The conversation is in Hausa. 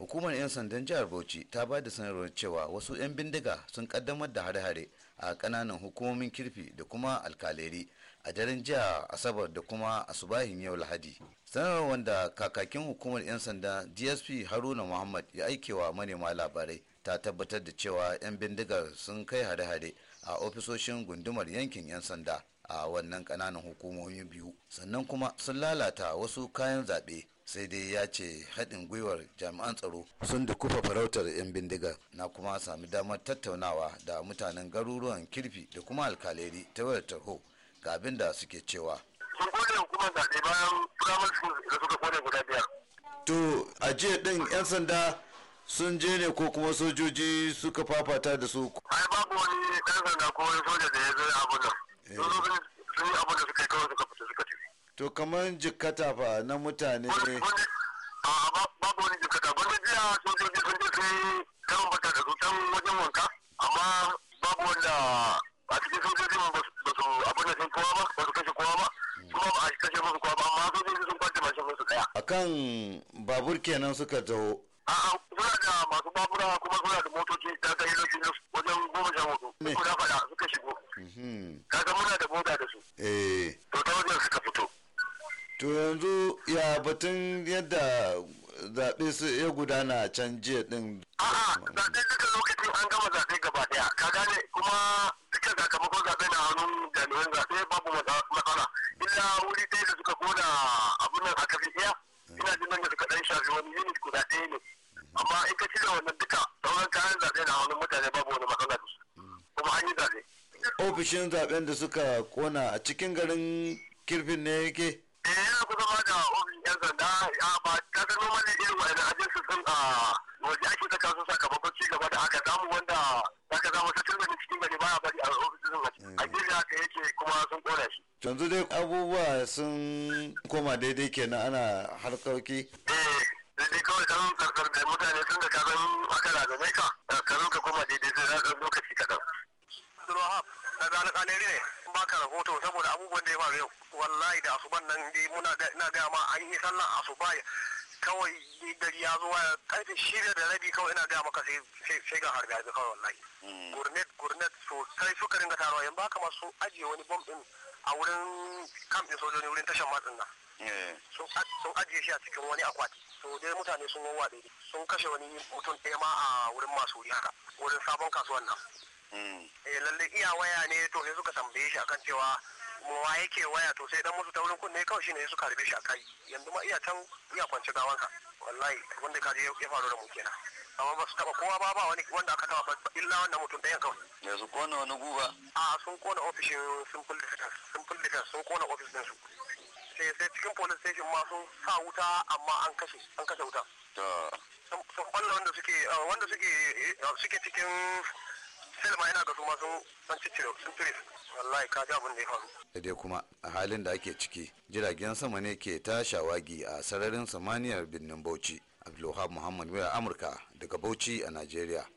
hukumar 'yan sandan jihar bauchi ta ba da sanarwar cewa wasu 'yan bindiga sun kaddamar da hare-hare a kananan hukumomin kirfi da kuma alkaleri a daren jiya asabar da kuma asubahin yau lahadi sanarwar wanda kakakin hukumar 'yan sanda dsp haruna muhammad ya aikewa manema labarai ta tabbatar da cewa 'yan bindigar sun kai hare-hare a ofisoshin gundumar yankin 'yan sanda a wannan kananan hukumomi biyu sannan kuma sun lalata wasu kayan zaɓe sai dai ya ce haɗin gwiwar jami'an tsaro sun da kufa farautar 'yan bindiga na kuma sami damar tattaunawa da mutanen garuruwan kirfi da kuma alkaleri ta wayar tarho ga abin da suke cewa sun kone hukumar zaɓe bayan primary school da suka kone guda to a jiya din yan sanda sun je ne ko kuma sojoji suka fafata da su ai babu wani yan sanda ko wani soja da ya zo abun nan eh. to kamar jikkata fa na mutane babu wani jikkata gwanda jiya sojoji sun je sun karin bata da su wajen wanka amma babu wanda a cikin sojoji ba su abin da sun kowa ba ba su kashe kowa ba kuma ba a kashe musu kowa ba amma sojoji sun kwace mashin musu a kan babur kenan suka taho a'a suna da masu babura kuma suna da motoci da kai lokacin wajen goma sha hudu suka da suka shigo mhm. ya batun yadda zaɓe su ya gudana a can jiya ɗin. A'a zaɓe duka lokacin an gama zaɓe gaba ɗaya ka gane kuma duka sakamakon zaɓe na hannun jami'an zaɓe babu matsala illa wuri ɗaya da suka kona abin nan aka fi iya ina jin nan da suka ɗan shafi wani unit guda ɗaya ne amma in ka cire wannan duka sauran kayan zaɓe na hannun mutane babu wani matsala da kuma an yi zaɓe. Ofishin zaɓen da suka kona a cikin garin kirfin ne yake? Eh yan sanda ya ba ka ga noma ne irin wa'annan su sun a waje ake da kasu sakamakon ci gaba da aka samu wanda aka samu ta turbin cikin gari baya bari a ofisin a gida haka yake kuma sun kora shi. yanzu dai abubuwa sun koma daidai kenan ana harkoki. eh daidai kawai kan karkar da mutane sun da kazan aka da ka ka zo ka koma daidai sai lokaci kaɗan. Abdulwahab kaga alƙaleri ne ba ka rahoto saboda abubuwan da ya faru yau wallahi da asuban nan dai muna na dama ma an yi sallan asuba kawai gari ya zuwa karfe shida da rabi kawai ina dama maka sai ga har harbi kawai wallahi hmm. gurnet gurnet sosai suka ringa taruwa yanzu haka masu ajiye wani bom din a wurin kamfin sojoji wurin tashar matsin nan eh. sun ajiye shi a cikin wani akwati so dai mutane sun wawa sun kashe wani mutum ɗaya ma a wurin masu haka wurin sabon kasuwan nan eh lalle iya waya ne to sai suka tambaye shi akan cewa wa yake waya to sai dan musu taurin kunne kawai shine suka rubi shi akai yanzu ma iya can iya kwance ka wallahi wanda kaje ya faru da mu kenan amma ba su taba kowa ba ba wani wanda aka taba illa wanda mutum ɗayan kawai Yanzu su kona wani guba a sun kona ofishin simple defense simple defense sun kona ofis din su sai sai cikin police station ma sun sa wuta amma an kashe an kashe wuta sun balla wanda suke wanda suke suke cikin selma yana da ma sun cire sun wallahi ka abin da ya faru dai kuma a halin da ake ciki jiragen sama ne ke ta shawagi a sararin samaniyar birnin bauchi abdulwahab muhammad wira amurka daga bauchi a najeriya